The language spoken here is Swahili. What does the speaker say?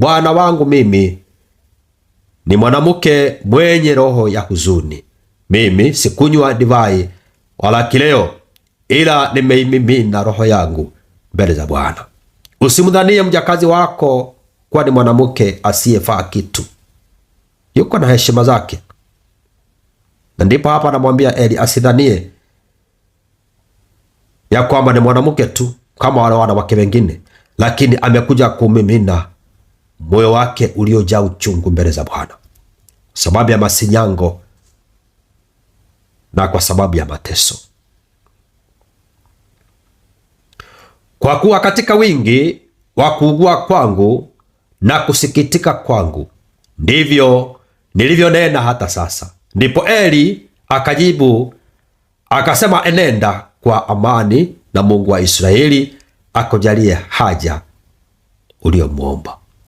bwana wangu mimi ni mwanamke mwenye roho ya huzuni, mimi sikunywa divai wala kileo, ila nimeimimina roho yangu mbele za Bwana. Usimdhanie mjakazi wako kuwa ni mwanamke asiyefaa kitu, yuko na heshima zake. Na ndipo hapa anamwambia Eli asidhanie ya kwamba ni mwanamke tu kama wale wanawake wengine, lakini amekuja kumimina moyo wake uliojaa uchungu mbele za Bwana sababu ya masinyango na kwa sababu ya mateso, kwa kuwa katika wingi wa kuugua kwangu na kusikitika kwangu ndivyo nilivyonena hata sasa. Ndipo Eli akajibu akasema, enenda kwa amani, na Mungu wa Israeli akujalie haja uliyomwomba.